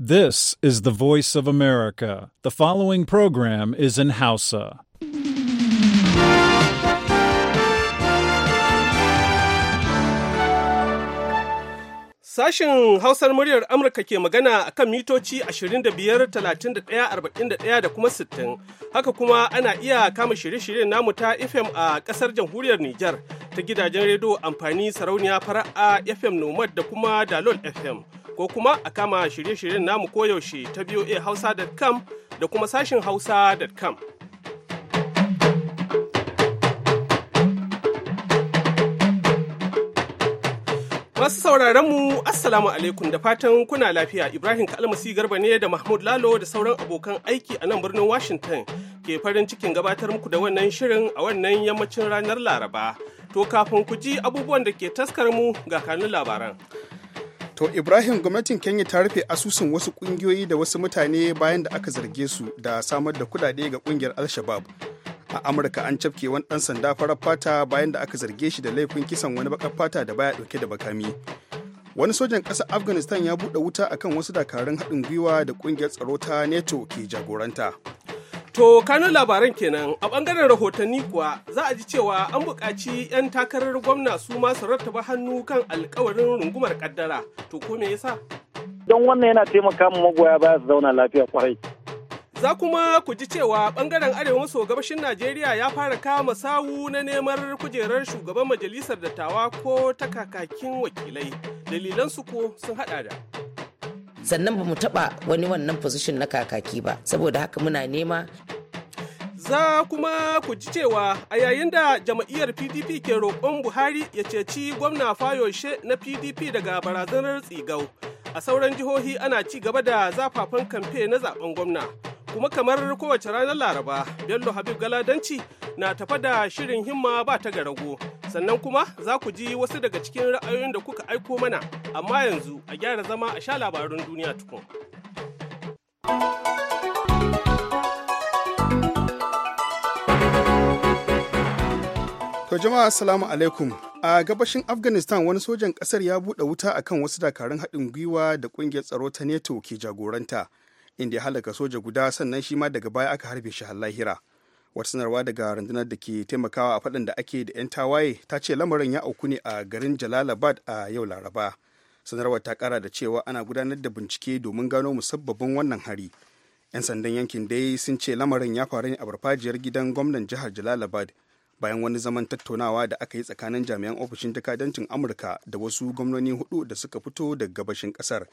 This is the voice of America. The following program is in Hausa. Sashen Hausar muryar Amurka ke magana a kan mitoci 25, 31, 41 da kuma 60. Haka kuma ana iya kama shirye-shiryen namu ta FM a ƙasar jamhuriyar Nijar ta gidajen rediyo amfani sarauniya fara'a FM Nomad da kuma Dalol FM. ko kuma a kama shirye-shiryen namu koyaushe ta voa hausa.com da kuma sashin hausa.com. Masu sauraron mu Assalamu alaikum da fatan kuna lafiya Ibrahim Kalmasi Garba ne da Mahmud Lalo da sauran abokan aiki a nan birnin Washington ke farin cikin gabatar muku da wannan shirin a wannan yammacin ranar Laraba. To kafin ku ji abubuwan da ke taskar mu ga kanun labaran. To Ibrahim gwamnatin Kenya ta rufe asusun wasu kungiyoyi da wasu mutane bayan da aka zarge su da samar da kudade ga kungiyar Al-Shabaab. A Amurka an cafke wani ɗan sanda farar fata bayan da aka zarge shi da laifin kisan wani bakar fata da baya ɗauke da bakami. Wani sojan ƙasar Afghanistan ya buɗe wuta akan wasu dakarun haɗin gwiwa da kungiyar tsaro ta NATO ke jagoranta. To kanun labaran kenan a bangaren rahotanni kuwa za a ji cewa an buƙaci 'yan takarar gwamna su masu rattaba hannu kan alkawarin rungumar kaddara. To ko me yasa? Don wannan yana taimaka ma magoya baya su zauna lafiya kwarai. Za kuma ku ji cewa bangaren arewa maso gabashin Najeriya ya fara kama sawu na neman kujerar shugaban majalisar dattawa ko ta kakakin wakilai. dalilansu ko sun haɗa da. sannan ba mu taba wani wannan position na kakaki ba saboda haka muna nema za kuma ku ji cewa a yayin da jam'iyyar pdp ke roƙon buhari ya ceci gwamna fayoshe na pdp daga barazanar tsigau a sauran jihohi ana ci gaba da zafafan kamfe na zaben gwamna kuma kamar kowace ranar laraba bello habib galadanci na tafa da shirin himma ba ta garago sannan kuma za ku ji wasu daga cikin ra'ayoyin da kuka aiko mana amma yanzu a gyara zama a sha labarun duniya tukun. To jama'a assalamu alaikum a gabashin afghanistan wani sojan kasar ya buɗe wuta akan wasu dakarun haɗin gwiwa da ƙungiyar tsaro ta neto ke jagoranta inda ya halaka soja guda sannan shi ma daga baya aka harbe shi har lahira. wata sanarwa daga rundunar da ke taimakawa a faɗin da ake da 'yan tawaye ta ce lamarin ya auku ne a garin jalalabad a yau laraba sanarwar ta kara da cewa ana gudanar da bincike domin gano musabbabin wannan hari 'yan sandan yankin dai sun ce lamarin ya faru ne a farfajiyar gidan gwamnan jihar jalalabad bayan wani zaman tattaunawa da aka yi tsakanin jami'an ofishin jakadancin amurka da wasu gwamnoni hudu da suka fito daga gabashin kasar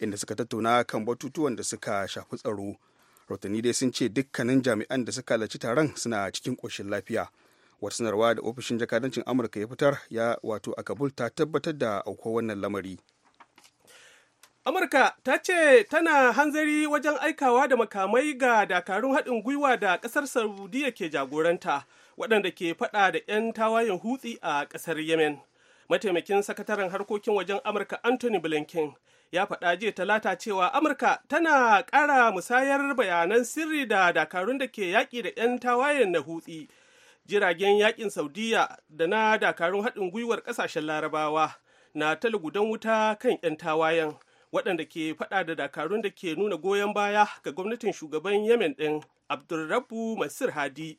inda suka tattauna kan batutuwan da suka shafi tsaro rahotanni dai sun ce dukkanin jami'an da suka halarci taron suna cikin ƙoshin lafiya wata sanarwa da ofishin jakadancin amurka ya fitar ya wato a kabul ta tabbatar da auko wannan lamari amurka ta ce tana hanzari wajen aikawa da makamai ga dakarun haɗin gwiwa da ƙasar saudiya ke jagoranta waɗanda ke faɗa da 'yan tawayen hutsi a ƙasar yemen mataimakin sakataren harkokin wajen amurka anthony blinken ya faɗa jiya talata cewa amurka tana ƙara musayar bayanan sirri da dakarun da ke yaƙi da 'yan tawayen na hutsi jiragen yaƙin saudiya da na dakarun haɗin gwiwar ƙasashen larabawa na gudan wuta kan 'yan tawayen waɗanda ke faɗa da dakarun da ke nuna goyon baya ga gwamnatin shugaban yemen ɗin abdulrabu masir hadi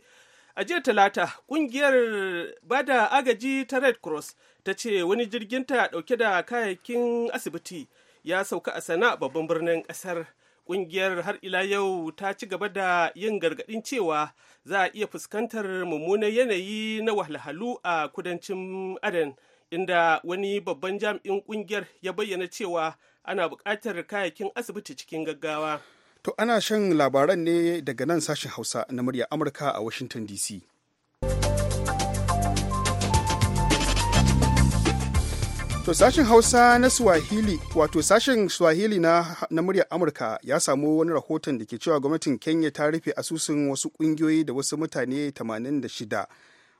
a jiya talata ƙungiyar bada agaji ta red cross ta ce wani jirgin ta ɗauke da kayayyakin asibiti ya sauka a sana babban birnin ƙasar kungiyar har ila yau ta ci gaba da yin gargadin cewa za a iya fuskantar mummunan yanayi na wahalhalu a kudancin aden inda wani babban jami'in kungiyar ya bayyana cewa ana buƙatar kayakin asibiti cikin gaggawa to ana shan labaran ne daga nan sashen hausa na murya amurka a washington dc To sashen Hausa na Swahili, wato sashen Swahili na, na muryar Amurka ya samu wani rahoton da ke cewa gwamnatin Kenya ta rufe asusun wasu ƙungiyoyi da wasu mutane 86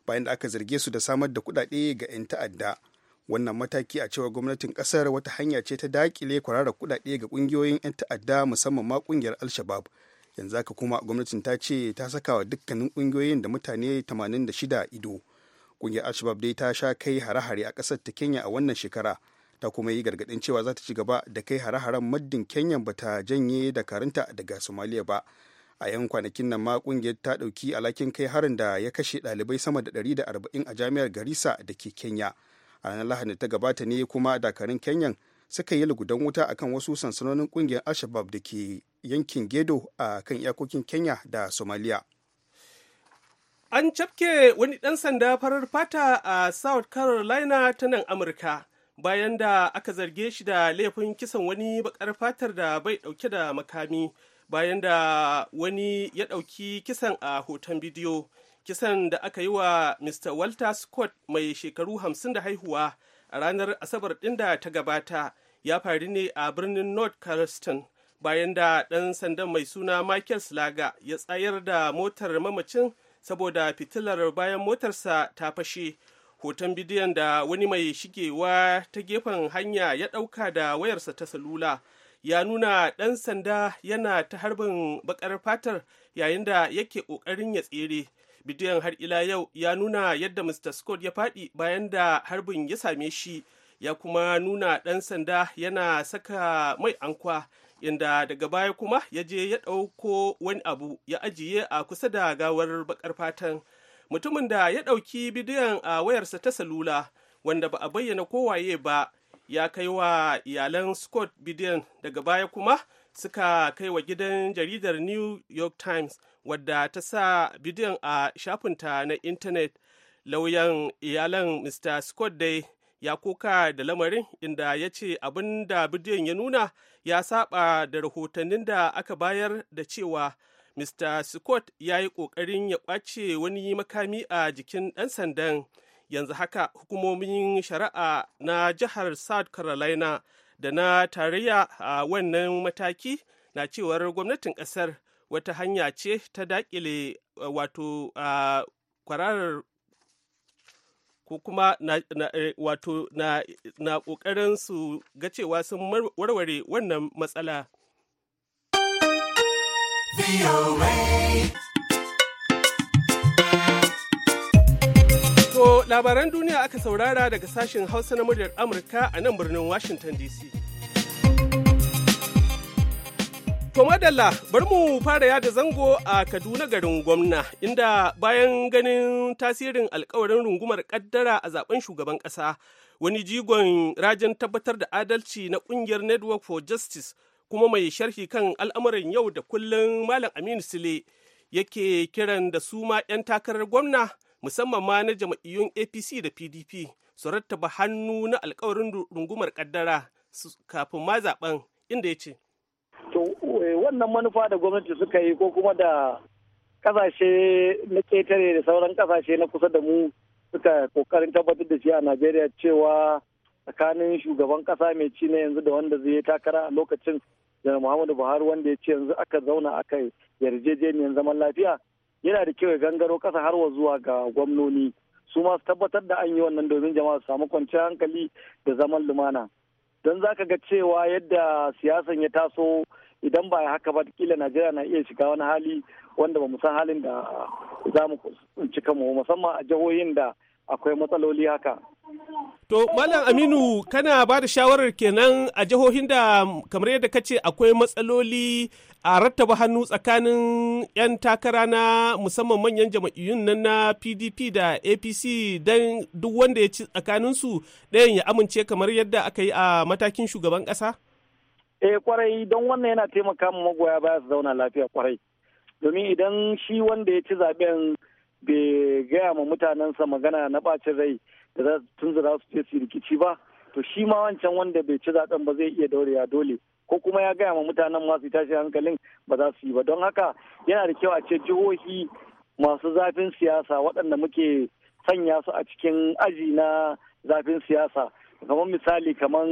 bayan da aka zarge su da samar da kuɗaɗe ga 'yan ta'adda. Wannan mataki a cewa gwamnatin ƙasar wata hanya ce ta daƙile kwararar kuɗaɗe ga ƙungiyoyin 'yan ta'adda musamman ma ƙungiyar Al-Shabaab. Yanzu haka kuma gwamnatin ta ce ta saka wa dukkanin ƙungiyoyin da mutane 86 ido. kungiyar alshabab dai ta sha kai hare-hare a kasar ta kenya a wannan shekara ta kuma yi gargaɗin cewa za ta ci gaba da kai hare-haren maddin kenya ba ta janye da karinta daga somaliya ba a yan kwanakin nan ma kungiyar ta dauki alakin kai harin da ya kashe dalibai sama da ɗari da arba'in a jami'ar garissa da ke kenya a ranar lahadi ta gabata ne kuma dakarun kenyan suka yi lugudan wuta akan wasu sansanonin kungiyar alshabab da ke yankin gedo a kan iyakokin kenya da somaliya An cafke wani ɗan sanda farar fata a South Carolina ta nan Amurka bayan da aka zarge shi da laifin kisan wani bakar fatar da bai ɗauke da makami bayan da wani ya ɗauki kisan a hoton bidiyo. Kisan da aka yi wa Mr. Walter Scott mai shekaru hamsin da haihuwa a ranar Asabar ɗin da ta gabata ya faru ne a birnin North Carolina. bayan da ɗan sandan mai suna Michael Slaga ya tsayar da motar mamacin saboda fitilar bayan motarsa ta fashe hoton bidiyon da wani mai shigewa ta gefen hanya ya ɗauka da wayarsa ta salula ya nuna ɗan sanda yana ta harbin bakar fatar yayin da yake ƙoƙarin ya tsere bidiyon har ila yau ya nuna yadda mr scott ya faɗi bayan da harbin ya same shi ya kuma nuna ɗan sanda yana saka mai ankwa inda daga baya kuma ya je ya ɗauko wani abu ya ajiye a kusa da gawar bakar fatan mutumin da ya ɗauki bidiyon a wayarsa ta salula wanda ba a bayyana kowaye ba ya kai wa iyalan scott bidiyon daga baya kuma suka kai wa gidan jaridar new york times wadda ta sa bidiyon a shafinta na intanet lauyan iyalan mr scott dai ya koka da lamarin inda ya ce abin da bidiyon ya nuna ya saba da rahotannin da aka bayar da cewa mr scott ya yi ƙoƙarin ya ƙwace wani makami a jikin ɗan sandan yanzu haka hukumomin shari'a na jihar south carolina da na tarayya a wannan mataki na cewar gwamnatin ƙasar wata hanya ce ta daƙile wato kwararar ko kuma na, eh, wato na, na ƙoƙarin su ga cewa sun warware wannan matsala. To labaran duniya aka saurara daga sashen Hausa na muryar Amurka a nan birnin Washington DC. To madalla bari mu fara yada zango a Kaduna garin gwamna inda bayan ganin tasirin alkawarin rungumar kaddara a zaben shugaban kasa wani jigon rajin tabbatar da adalci na kungiyar Network for Justice kuma mai sharhi kan al'amuran yau da kullum Malam Aminu sule yake kiran da su ma 'yan takarar gwamna musamman ma na jama'iyyun APC da PDP su rattaba hannu na alkawarin rungumar kaddara kafin ma zaben inda yace. to eh, wannan manufa da gwamnati suka yi ko kuma da kasashe na ketare da sauran kasashe na kusa da mu suka kokarin tabbatar da shi a najeriya cewa tsakanin shugaban kasa mai ci na yanzu da wanda zai takara a lokacin da muhammadu buhari wanda ya ce yanzu aka zauna aka yarjejeniyar zaman lafiya yana da kyau ya gangaro kasa har wa zuwa ga gwamnoni su ma su tabbatar da an yi wannan domin jama'a su samu kwanciyar hankali da zaman lumana don za ka ga cewa yadda siyasan ya taso idan ba haka ba kila najeriya na iya shiga wani hali wanda ba san halin da za mu cika mu musamman a jihohin da akwai matsaloli haka To Malam Aminu kana ba da shawarar kenan a jihohin da kamar yadda kace akwai matsaloli a rattaba hannu tsakanin 'yan takara na musamman manyan jama'iyyun nan na PDP da APC don duk wanda ya ci tsakaninsu ɗayan ya amince kamar yadda aka yi a matakin shugaban ƙasa? Eh kwarai don wannan yana taimaka ma magoya ba su zauna lafiya kwarai. Domin idan shi wanda ya ci zaɓen bai gaya ma mutanensa magana na ɓacin rai da za tun za su ce rikici ba to shi ma wancan wanda bai ci zaben ba zai iya daurewa dole ko kuma ya gaya ma mutanen masu tashi hankalin ba za su yi ba don haka yana da kyau a ce jihohi masu zafin siyasa waɗanda muke sanya su a cikin aji na zafin siyasa kamar misali kamar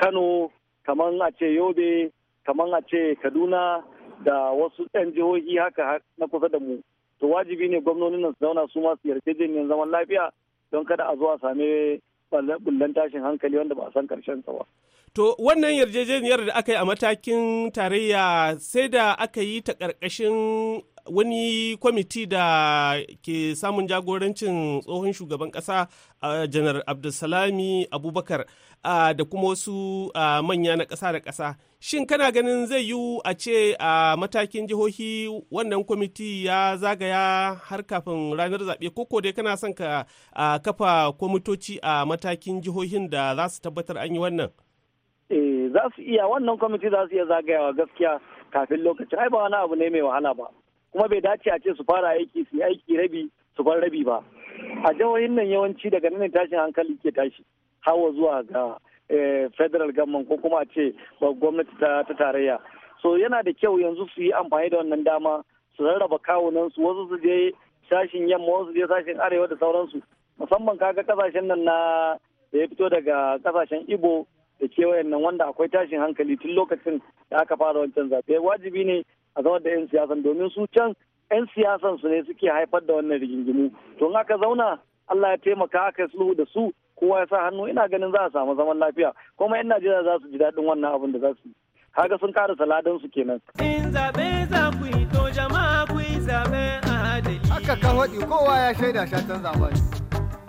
kano kamar a ce yobe kamar a ce kaduna da wasu ɗan jihohi haka na kusa da mu to wajibi ne gwamnonin nan su zauna su masu yarjejeniyar zaman lafiya don kada a zo a sami bullen tashin hankali wanda ba a san karshen sa ba. To wannan yarjejeniyar da aka yi a matakin tarayya sai da aka yi ta ƙarƙashin wani kwamiti da ke samun jagorancin tsohon shugaban kasa uh, janar abdulsalami abubakar da kuma wasu uh, manya na kasa da kasa shin kana ganin zai yiwu a ce a matakin jihohi wannan kwamiti ya zagaya har kafin ranar zaɓe koko dai kana son ka kafa kwamitoci a matakin jihohin da za su tabbatar an yi wannan eh, za su iya wannan kwamiti za su iya zagayawa gaskiya kafin lokaci ai ba wani abu ne mai wahala ba kuma bai dace a ce su fara aiki su aiki rabi su bar rabi ba a jihohin nan yawanci daga nan tashin hankali ke tashi hawa zuwa ga eh, federal government ko kuma a ce gwamnati ta tarayya so yana da kyau yanzu su yi amfani da wannan dama su rarraba kawunan su wasu su je sashin yamma wasu su je sashin arewa da sauransu musamman kaga kasashen nan na da ya fito daga kasashen ibo da kewayen nan wanda akwai tashin hankali tun lokacin da aka fara wancan zaɓe wajibi ne a zama da 'yan siyasan domin su can 'yan siyasan su ne suke haifar da wannan rigingimu to in aka zauna Allah ya taimaka aka sulhu da su kowa ya sa hannu ina ganin za a samu zaman lafiya kuma 'yan Najeriya za su ji daɗin wannan abin da za su yi kaga sun kara saladan su kenan in zabe za ku yi to jama'a ku yi zabe adali haka ka hodi kowa ya shaida shatan zaben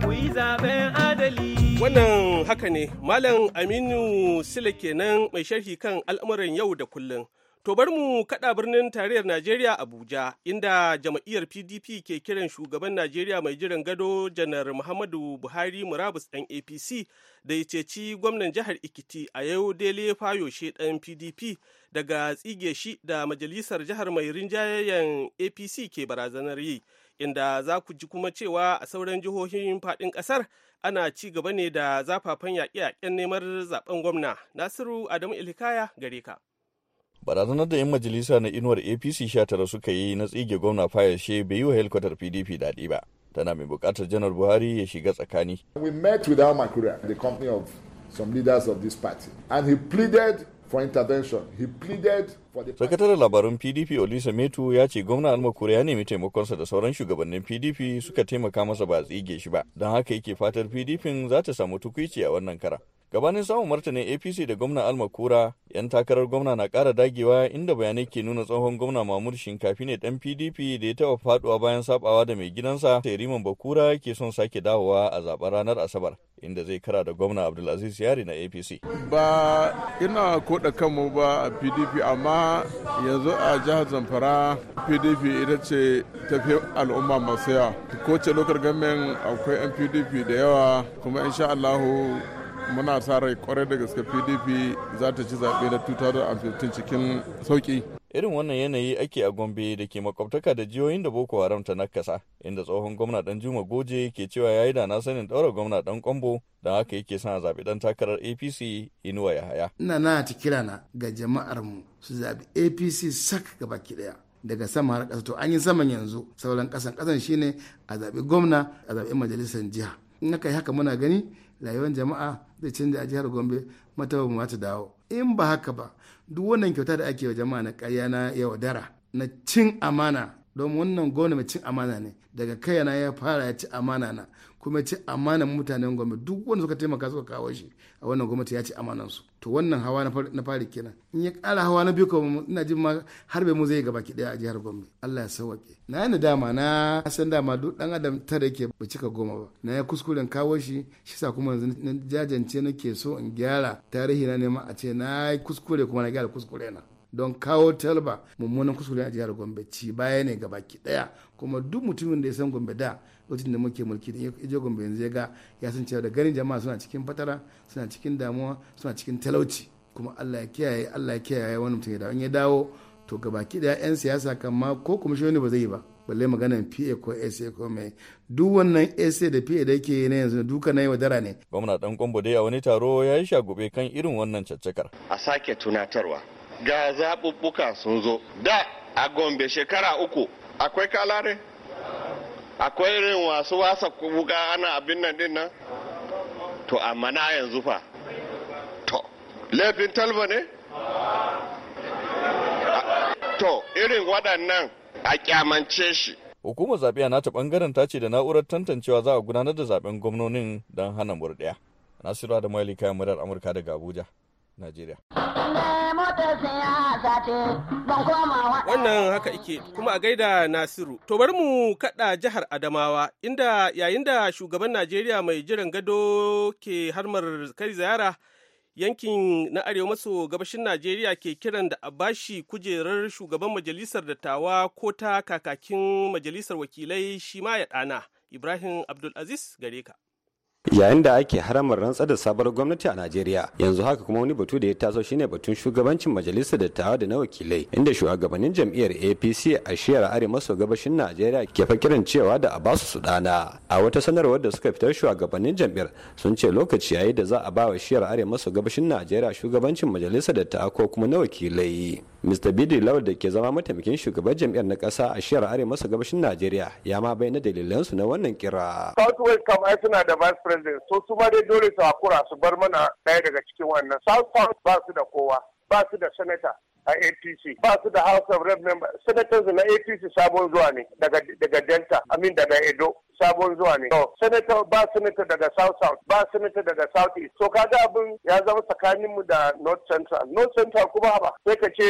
ku yi adali wannan haka ne malam Aminu Sile kenan mai sharhi kan al'amuran yau da kullum To bar mu kaɗa birnin tarayyar Najeriya Abuja inda jama'iyyar PDP ke kiran shugaban Najeriya mai jiran gado janar Muhammadu Buhari Murabus ɗan APC da ya ceci gwamnan jihar Ikiti a yau Dele Fayoshe ɗan PDP daga tsige shi da majalisar jihar mai rinjayen APC ke barazanar yi inda za ku ji kuma cewa a sauran jihohin faɗin ƙasar ana ci gaba ne da zafafan yaƙe-yaƙen neman zaben gwamna Nasiru Adamu Ilikaya gare ka. barazanar da 'yan majalisa na inuwar apc sha tara suka yi na tsige gwamna she bai yi wa helkwatar pdp daɗi ba tana mai buƙatar janar buhari ya shiga tsakani we with the company of of this party and he pleaded for sakataren labarun pdp olisa metu ya ce gwamna almakura ya nemi taimakonsa da sauran shugabannin pdp suka taimaka masa ba a tsige shi ba don haka yake fatar pdp za ta samu tukuici a wannan kara gabanin samun martanin apc da gwamna alma kura yan takarar gwamna na kara dagewa inda bayanai ke nuna tsohon gwamna mahmud shinkafi ne dan pdp da ya taba faduwa bayan sabawa da mai gidansa riman bakura ke son sake dawowa a zaben ranar asabar inda zai kara da gwamna abdulaziz yari na apc ba ina koda kanmu ba a pdp amma yanzu a jihar zamfara pdp ita ce tafi al'umma masu yawa ko ce lokar gamen akwai yan pdp da yawa kuma insha allahu muna sa rai kwarai da gaske pdp za ta ci zaɓe na 2015 cikin sauƙi irin wannan yanayi ake a gombe da ke makwabtaka da jihohin da boko haram ta nakasa inda tsohon gwamna dan juma goje ke cewa ya yi da na sanin daura gwamna dan kwambo da haka yake son a zaɓi dan takarar apc inuwa ya haya ina na ta kira na ga jama'ar mu su zaɓi apc sak ga baki ɗaya daga sama har ƙasa to an yi saman yanzu sauran ƙasan ƙasan shine a zaɓi gwamna a zaɓi majalisar jiha in aka yi haka muna gani rayuwar jama'a zai canza a jihar gombe mata ba ta dawo in ba haka ba duk wannan kyauta da ake wa jama'a na karya na yaudara na cin amana don wannan gwamna mai cin amana ne daga kai yana ya fara ya ci amana na kuma ci amanan mutanen gwamnati duk wanda suka taimaka suka kawo shi a wannan gwamnati ya ci amanan su to wannan hawa na fari kenan in ya kara hawa na biyu kuma ina jin ma har bai mu zai gaba ki daya a jihar Gombe Allah ya sauke na yana dama na san dama duk dan adam ta tare yake ba cika goma ba na ya kuskuren kawo shi shi sa kuma yanzu na jajance nake so in gyara tarihi na nema a ce na kuskure kuma na gyara kuskure na don kawo talba mummunan kuskure a jihar gombe ci baya ne ga baki daya kuma duk mutumin da ya san gombe da lokacin da muke mulki da ya je gombe yanzu ya ga ya san cewa da ganin jama'a suna cikin fatara suna cikin damuwa suna cikin talauci kuma Allah ya kiyaye Allah ya kiyaye wani mutum ya dawo in ya dawo to ga baki daya yan siyasa kan ma ko kuma ba zai yi ba balle maganan PA ko SA ko mai duk wannan SA da PA da yake na yanzu duka na yi wa dara ne. Gwamna dan kombo dai a wani taro ya yi shagube kan irin wannan caccakar. A sake tunatarwa ga zaɓuɓɓuka sun zo da a gombe shekara uku akwai kalare akwai irin wasu wasa wuka ana abin nan din nan to amma na yanzu fa to laifin talba ne to irin waɗannan a kyamance shi hukumar zaɓe a nata ɓangaren ta ce da na'urar tantancewa za a gudanar da zaɓen gwamnonin don hana murɗiya nasiru da kayan murar amurka daga abuja Najeriya. Wannan haka ike kuma a gaida Nasiru. To bari mu kaɗa jihar Adamawa inda yayin da shugaban Najeriya mai jiran gado ke harmar kai ziyara yankin na arewa maso gabashin Najeriya ke kiran da a bashi kujerar shugaban majalisar dattawa ko ta kakakin majalisar wakilai shi ma ya ɗana. Ibrahim Abdulaziz gare ka. yayin da ake haramar rantsar da sabuwar gwamnati a najeriya yanzu haka kuma wani batu da ya taso shine batun shugabancin majalisar dattawa da na wakilai inda shugabannin jam'iyyar apc a shiyar arewa maso gabashin najeriya ke fakirin cewa da a basu su dana a wata sanarwar da suka fitar shugabannin jam'iyyar sun ce lokaci yayi da za a ba wa shiyar arewa maso gabashin najeriya shugabancin majalisar dattawa ko kuma na wakilai mr bidi law da ke zama mataimakin shugaban jam'iyyar na ƙasa a shiyar arewa maso gabashin najeriya ya ma bayyana dalilansu na wannan kira suna waɗanda so su ma dai dole su hakura su bar mana ɗaya daga cikin wannan south ba su da kowa ba su da senator a APC ba su da House of Rep member senators na APC sabon zuwa ne daga daga Delta amin daga Edo sabon zuwa ne senator ba senator daga South South ba senator daga South East to kaga abin ya zama tsakanin mu da North Central North Central kuma ba sai ka ce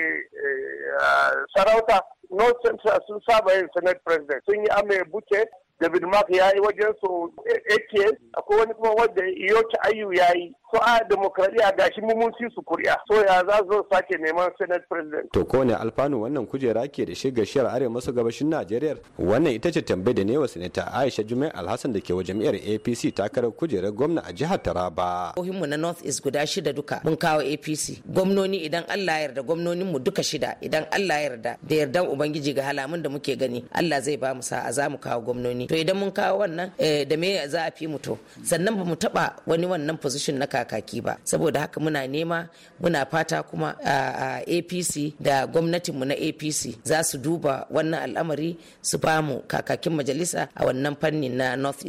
eh, sarauta North Central sun saba yin Senate President sun yi Ame Buke david mark ya yi wajen so ake akwai wani kuma wanda yoki ayu ya yi so a demokradiyya shi mun ci su kuri'a so ya za su sake neman senate president to ko ne alfanu wannan kujera ke da shi shiyar arewa maso gabashin najeriya wannan ita ce tambayar da ne wa ta aisha jumai alhassan da ke wa jam'iyyar apc takarar kujerar gwamna a jihar taraba mu na north east guda shida duka mun kawo apc gwamnoni idan allah ya yarda gwamnonin mu duka shida idan allah ya yarda da yardan ubangiji ga halamun da muke gani allah zai ba mu sa'a za mu kawo gwamnoni to idan mun kawo wannan eh, da me za a fi mutu sannan ba mu taba wani wannan position na kakaki ba saboda haka muna nema muna fata kuma a apc da gwamnatin mu na apc za su duba wannan al'amari su ba mu kakakin majalisa a wannan fanni na north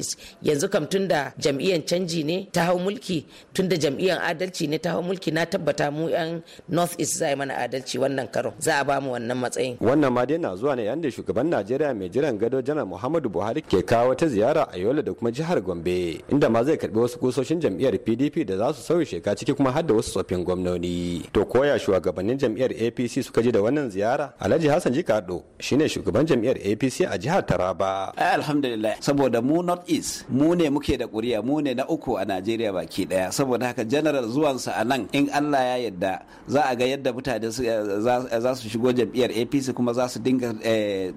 yanzu kam tun da jam'iyyar canji ne ta hau mulki tun da jam'iyyar adalci ne ta hau mulki na tabbata mu yan north east za a yi mana adalci wannan karo za a ba mu wannan matsayin wannan ma dai na zuwa ne yan da shugaban najeriya mai jiran gado janar muhammadu buhari ke kawo wata ziyara a yola da kuma jihar gombe inda ma zai karbi wasu kusoshin jam'iyyar pdp da za su sauya sheka ciki kuma har da wasu tsoffin gwamnoni to koya shugabannin jam'iyyar apc suka ji da wannan ziyara alhaji hassan jikado shine shugaban jam'iyyar apc a jihar taraba ai alhamdulillah saboda mu north east mu ne muke da kuriya mu ne na uku a najeriya baki daya saboda haka general zuwan sa anan in allah ya yarda za a ga yadda mutane eh, eh, za su shigo jam'iyyar apc kuma za su dinga eh,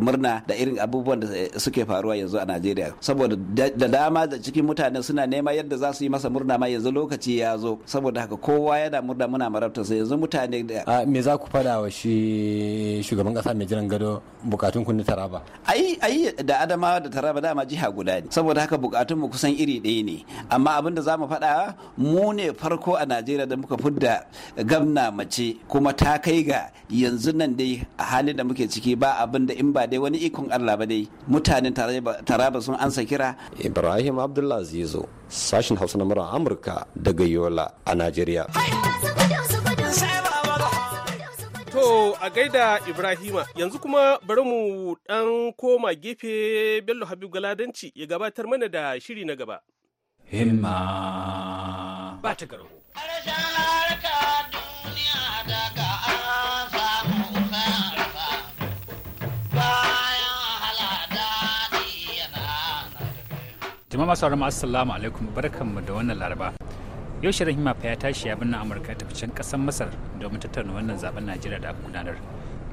murna da irin abubuwan da suke suke faruwa yanzu a Najeriya saboda da dama da cikin mutane suna nema yadda za su yi masa murna ma yanzu lokaci ya zo saboda haka kowa yana murna muna marabta sai yanzu mutane da me za ku fada wa shi shugaban kasa mai jiran gado bukatun kun Taraba ai ai da Adamawa da Taraba dama jiha guda ne saboda haka bukatun mu kusan iri ɗaya ne amma abin da zamu faɗa mu ne farko a Najeriya da muka fudda gamna mace kuma ta kai ga yanzu nan dai a halin da muke ciki ba abin da in ba dai wani ikon Allah ba dai mutane birnin taraba sun ansa kira ibrahim zizo sashin hausa na mura amurka daga yola a najeriya To a gaida Ibrahima yanzu kuma bari mu ɗan koma gefe Bello Habib Galadanci ya gabatar mana da shiri na gaba. Himma ba ta garo. jama'a masu haramu assalamu alaikum mu da wannan laraba yau shirin hima fa ya tashi ya binna amurka ta can kasan masar domin tattauna wannan zaben najeriya da aka gudanar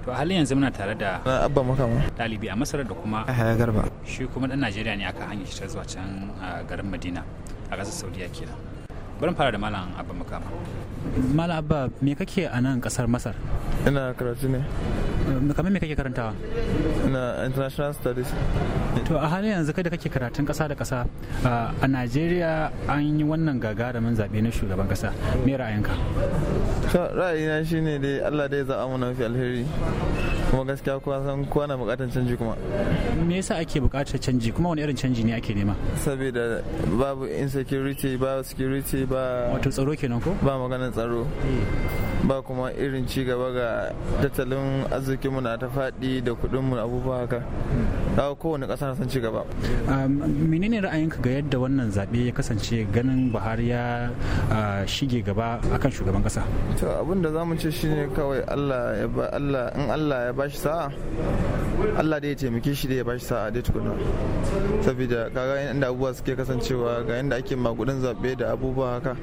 to a halin yanzu muna tare da abba makama dalibi a masar da kuma ya garba shi kuma dan najeriya ne aka hanyar shi ta zuwa can a garin madina a ƙasar saudiya kenan bari fara da malam abba makama malam abba me kake a nan kasar masar ina karatu ne eh, kamar me kake karantawa na international studies to a halin yanzu kada kake karatun kasa da kasa a najeriya an yi wannan gagarumin zaɓe na shugaban kasa me ra'ayinka ra'ayina shine dai allah dai za'a mu na alheri kuma gaskiya kuwa san kwana na bukatar canji kuma me yasa ake bukatar canji kuma wani irin canji ne ake nema saboda babu insecurity ba security ba wato tsaro kenan ko ba maganar tsaro hmm. ba kuma irin ci gaba ga tattalin arzikinmu na ta faɗi da kuɗinmu abubuwa haka dawo hmm. kowane ƙasa san ci gaba um, menene ra'ayinka ga yadda wannan zaɓe ya kasance ganin buhari ya uh, shige gaba akan shugaban ƙasa to abin da zamu ce shine kawai Allah ya ba Allah in Allah ya shi sa'a Allah da ya taimake shi da ya shi sa'a dai tukuna saboda kaga inda abubuwa suke kasancewa ga inda ake magudan zabe da abubuwa haka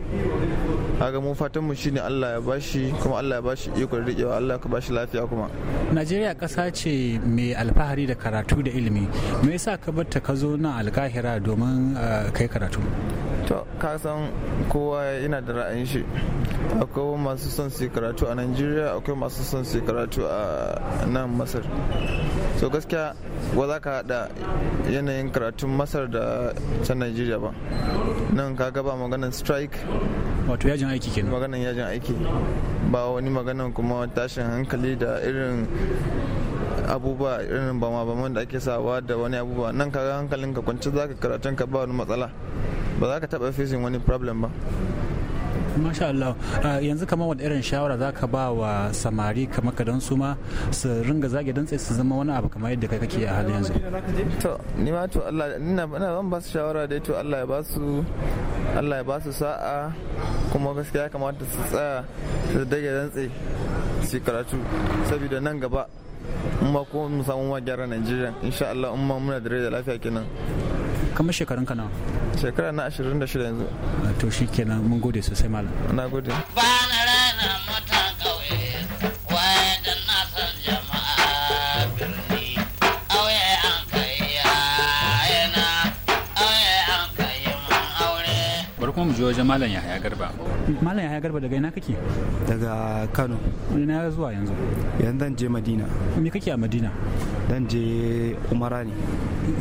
kaga mu fatan mu shine Allah ya bashi kuma Allah ya bashi iko da rikewa Allah ka bashi lafiya kuma Najeriya kasa ce mai alfahari da karatu da ilimi me yasa ka bar ta ka zo na alkahira domin eh, kai karatu ka san kowa yana da ra'ayin shi akwai masu son su karatu a nigeria akwai masu son su karatu a nan masar so gaskiya ba za ka hada yanayin karatun masar da can nigeria ba nan ka gaba maganan strike wato yajin aiki kenan maganan yajin aiki ba wani maganan kuma tashin hankali da irin abubuwa irin ba ma da ake sawa da wani abubuwa nan kaga hankalinka kwanci za ka karatun ka ba wani matsala ba za ka taɓa facing wani problem ba masha Allah yanzu kamar wani irin shawara za ka ba wa samari kamar ka don su ma su ringa zage dantse su zama wani abu kamar yadda kai kake a halin yanzu to ni ma to Allah ina zan ba su shawara dai to Allah ya ba su Allah ya ba su sa'a kuma gaskiya kamata su tsaya su dage dantse su karatu saboda nan gaba in ba ko mu samu ma gyara Najeriya insha Allah in ma muna da lafiya kenan kamar shekarun ka shekara na 26 yanzu to shikenan mun gode sosai malam na gode mu je wajen Malam Yahaya Garba. Malam Yahaya Garba daga ina kake? Daga Kano. Ina zuwa yanzu? Yanzu zan je Madina. Me kake a Madina? Dan je Umara ne.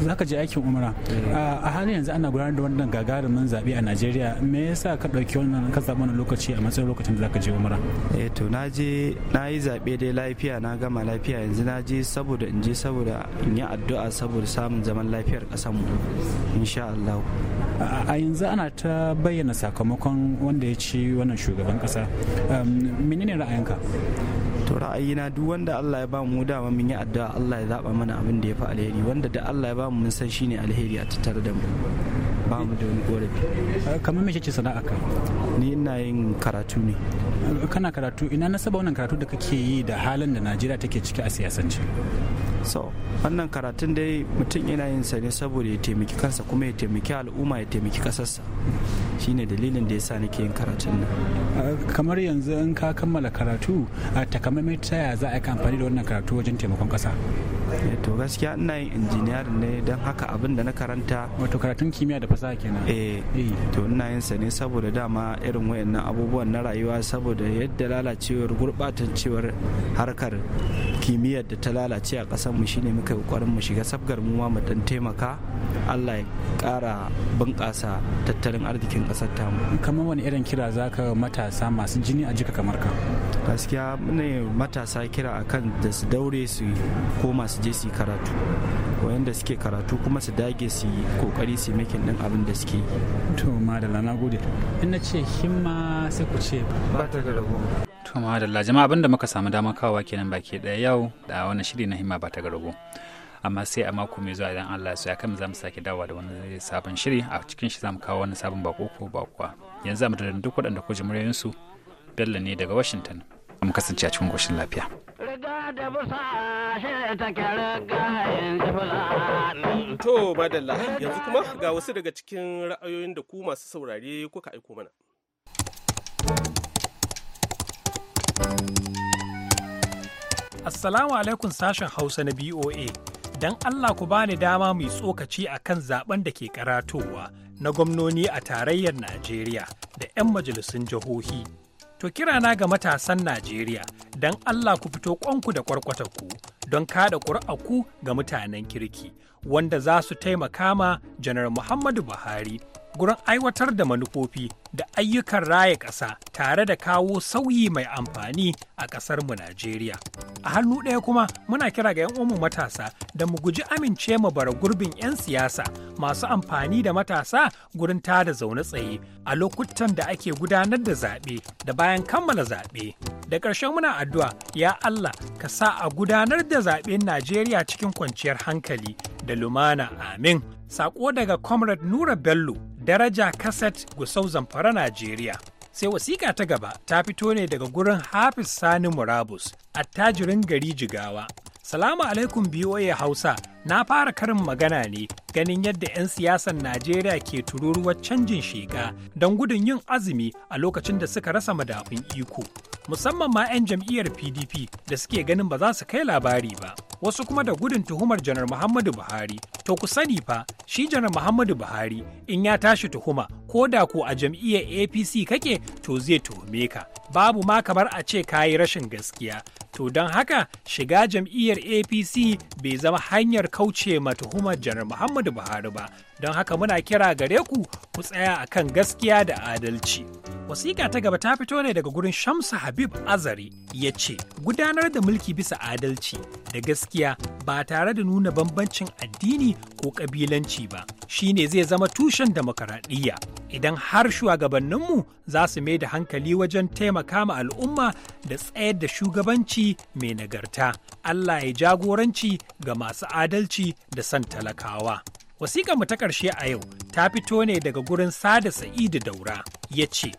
Za ka je aikin Umara. Eh. A halin yanzu ana gudanar da wannan gagarumin zaɓe a Najeriya. Me yasa ka ɗauki wannan ka zaɓi wannan lokaci a matsayin lokacin da za ka je Umara? Eh to na je na yi zaɓe dai lafiya na gama lafiya yanzu na je saboda in je saboda in yi addu'a saboda samun zaman lafiyar ƙasarmu. Insha Allah. A yanzu ana ta bayyana bayyana sakamakon wanda ya ci wannan shugaban kasa um, menene ra'ayinka to ra'ayina duk wanda Allah ya ba mu dama mun yi addu'a Allah ya zaba mana abin da ya fi alheri wanda da Allah ya ba mu mun san shine alheri a tattare da mu ba mu da wani korafi eh, kamar me ce sana'a ka ni ina yin karatu ne kana karatu ina nasaba wannan karatu da kake yi da halin da Najeriya take ciki a siyasance so wannan karatun dai mutum yana yin sa ne saboda ya taimaki kansa kuma ya taimaki al'umma ya taimaki kasarsa shine dalilin da ya sa nake yin karatun nan kamar yanzu in ka kammala karatu a takamaimai ta yaya za a yi amfani da wannan karatu wajen taimakon kasa eh, to gaskiya ina yin injiniyar ne don haka abin da na karanta wato karatun kimiyya da fasaha kenan eh, eh to ina yin sa ne saboda dama irin wayannan abubuwan na rayuwa saboda yadda lalacewar gurbatancewar harkar kimiyyar da ta lalace a kasan mu shine muka yi mu shiga sabgar mu ma mu dan taimaka Allah ya kara bunƙasa tattalin arzikin ƙasar tamu kamar wani irin kira zaka matasa masu jini a jika kamar ka gaskiya ne matasa kira akan da su daure su ko masu je su karatu wayanda suke karatu kuma su dage su kokari su make din abin da suke to madalla nagode in ce himma sai ku ce ba ta da rabo To jama'a abinda muka samu damar kawowa kenan baki daya yau da wani shiri na himma ba ta garago. Amma sai a mako mai zuwa idan Allah ya kan za mu sake dawowa da wani sabon shiri a cikin shi za mu kawo wani sabon bako ko bakuwa. Yanzu a madadin duk waɗanda ko su Bello ne daga Washington. Mu kasance a cikin goshin lafiya. da To madalla yanzu kuma ga wasu daga cikin ra'ayoyin da ku masu saurare kuka aiko mana. Assalamu alaikum sashen Hausa na BOA. Don Allah ku bani dama mai tsokaci a kan zaben da ke karatowa na gwamnoni a tarayyar Najeriya da 'yan majalisun jihohi. To kirana ga matasan Najeriya don Allah ku fito kwanku da ku don kada ku ga mutanen kirki wanda za su taimaka ma Janar Muhammadu Buhari gurin aiwatar da manufofi da ayyukan raya ƙasa tare da kawo sauyi mai amfani a ƙasar mu Najeriya. A hannu ɗaya kuma muna kira ga 'yan matasa da mu guji amince mu bara gurbin 'yan siyasa masu amfani da matasa gurin tada zaune tsaye a lokutan da ake gudanar da zaɓe da bayan kammala zaɓe. Da ƙarshen muna addu'a ya Allah ka sa a gudanar da zaɓen Najeriya cikin kwanciyar hankali da lumana amin. Sako daga Comrade Nura Bello daraja kaset gusau zamfara Najeriya. Sai wasiƙa ta gaba ta fito ne daga gurin Hafiz Sani Murabus, attajirin gari Jigawa. Salamu alaikum BOA Hausa, na fara karin magana ne ganin yadda 'yan siyasan Najeriya ke tururuwar canjin shiga don gudun yin azumi a lokacin da suka rasa madafun iko. musamman ma 'yan jam'iyyar PDP da suke ganin ba za su kai labari ba. Wasu kuma da gudun tuhumar Janar Muhammadu Buhari. To ku sani fa, shi Janar Muhammadu Buhari in ya tashi tuhuma, ko da ku a jam'iyyar APC kake to zai tuhume ka. Babu ma kamar a ce ka yi rashin gaskiya. To don haka shiga jam'iyyar APC bai zama hanyar kauce ma tuhumar Janar Muhammadu Buhari ba. Don haka muna kira gare ku ku tsaya akan gaskiya da adalci. Wasiƙa ta gaba ta fito ne daga gurin Shamsu Habib Azari ya ce, Gudanar da mulki bisa adalci da gaskiya ba tare da nuna bambancin addini ko ƙabilanci ba, shi ne zai zama tushen demokaradiyya. Idan har shugabanninmu za su mai da hankali wajen taimaka ma al'umma da tsayar da shugabanci mai nagarta, Allah ya jagoranci ga masu adalci da son talakawa. Wasiƙar mu ta ƙarshe a yau ta fito ne daga gurin Sada Sa'idu Daura ya ce,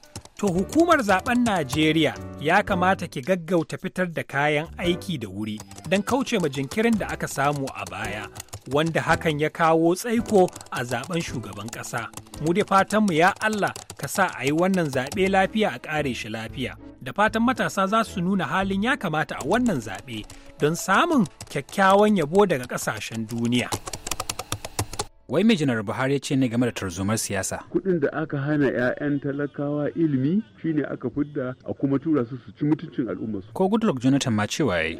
To hukumar zaben Najeriya ya kamata ki gaggauta fitar da kayan aiki da wuri don kauce ma jinkirin da aka samu a baya, wanda hakan ya kawo tsaiko a zaben shugaban ƙasa. Mu dai mu ya Allah ka sa a yi wannan zaɓe lafiya a ƙare shi lafiya. Da fatan matasa za su nuna halin ya kamata a wannan zaɓe don samun kyakkyawan yabo daga ƙasashen duniya. wai mai janar buhari ce ne game da tarzomar siyasa kuɗin da aka hana 'ya'yan talakawa ilimi shine aka fidda a kuma tura su su ci mutuncin al'ummarsu ko goodluck jonathan ma cewa yayi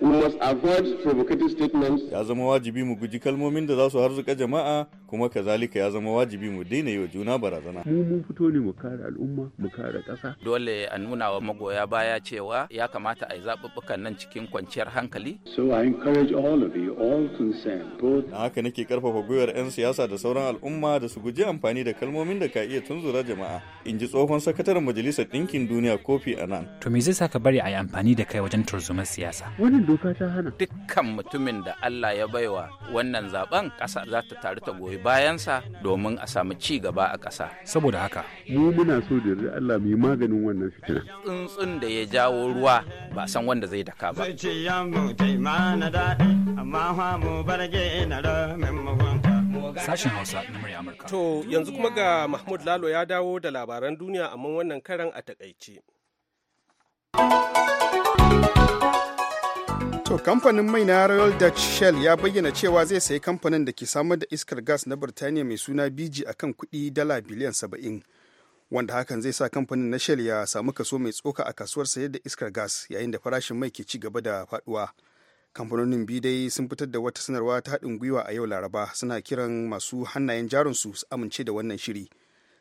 ya zama wajibi mu guji kalmomin da za su harzuka jama'a kuma kazalika ya zama wajibi mu daina yi wa juna barazana mu mun fito ne mu kare al'umma mu kare ƙasa dole a nuna wa magoya baya cewa ya kamata a yi zaɓuɓɓukan nan cikin kwanciyar hankali so i encourage all of you all concerned both haka nake karfafa gwiwar 'yan siyasa da sauran al'umma da su guji amfani da kalmomin da ka iya tunzura jama'a in ji tsohon sakataren majalisar ɗinkin duniya kofi a nan. to me zai saka bari a yi amfani da kai wajen turzumar siyasa wannan doka ta hana dukkan mutumin da Allah ya baiwa wannan zaben ƙasa za ta taru ta goyi bayansa domin a samu ci gaba a ƙasa saboda haka mu muna so da Allah mu yi maganin wannan fitina tsuntsun da ya jawo ruwa ba san wanda zai daka ba zai ce ya mu daɗi amma mu barge na ramin mugunta Sashen Hausa na murya Amurka. To yanzu kuma ga Mahmud Lalo ya dawo da labaran duniya amma wannan karan a takaice. To kamfanin mai na Royal Dutch Shell ya bayyana cewa zai sayi kamfanin da ke samar da iskar gas na Birtaniya mai suna BG akan kuɗi dala biliyan saba'in. Wanda hakan zai sa kamfanin na Shell ya samu kaso mai tsoka a kasuwar sayar da iskar gas yayin da farashin mai ke ci gaba da faduwa. kamfanonin biyu dai sun fitar da wata sanarwa ta haɗin gwiwa a yau laraba suna kiran masu hannayen jarinsu su amince da wannan shiri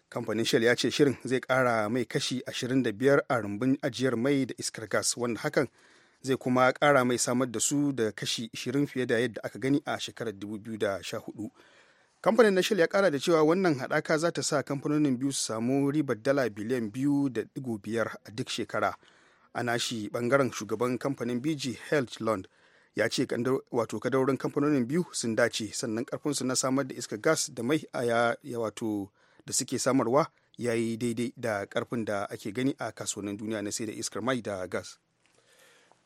kamfanin shell ya ce shirin zai kara mai kashi 25 a rumbun ajiyar mai da iskar gas wanda hakan zai kuma kara mai samar da su da kashi 20 fiye da yadda aka gani a shekarar 2014 kamfanin na shell ya kara da cewa wannan haɗaka za ta sa kamfanonin biyu su samu ribar dala biliyan biyu da digo biyar a duk shekara a nashi ɓangaren shugaban kamfanin bg health lund ya ce wato kadaurin kamfanonin biyu sun dace sannan karfinsu na samar da iskar gas da mai a ya wato da suke samarwa ya yi daidai da karfin da ake gani a kasuwannin duniya na sai da iskar mai da gas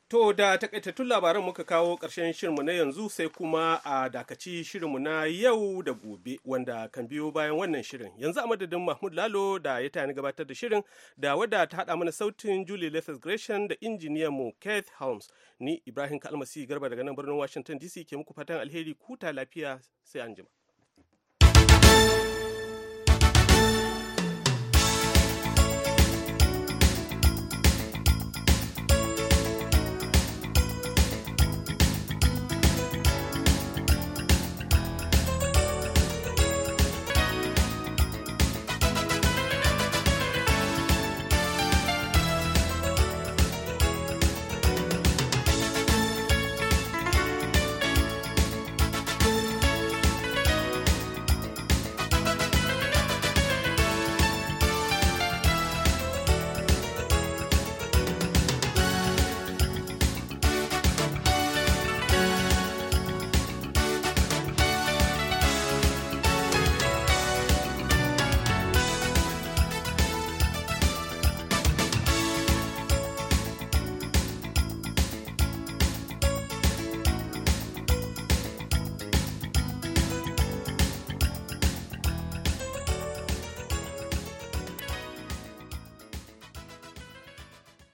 To da takaitattun labaran muka kawo ƙarshen shirinmu na yanzu sai kuma a dakaci shirinmu na yau da gobe wanda kan biyo bayan wannan shirin. Yanzu a madadin Mahmud Lalo da ya tayani gabatar da shirin da wadda ta haɗa mana sautin Julie Lefes Gresham da injiniyan mu Keith Holmes. Ni Ibrahim Kalmasi Garba daga nan birnin Washington DC ke muku fatan alheri kuta lafiya sai anjima.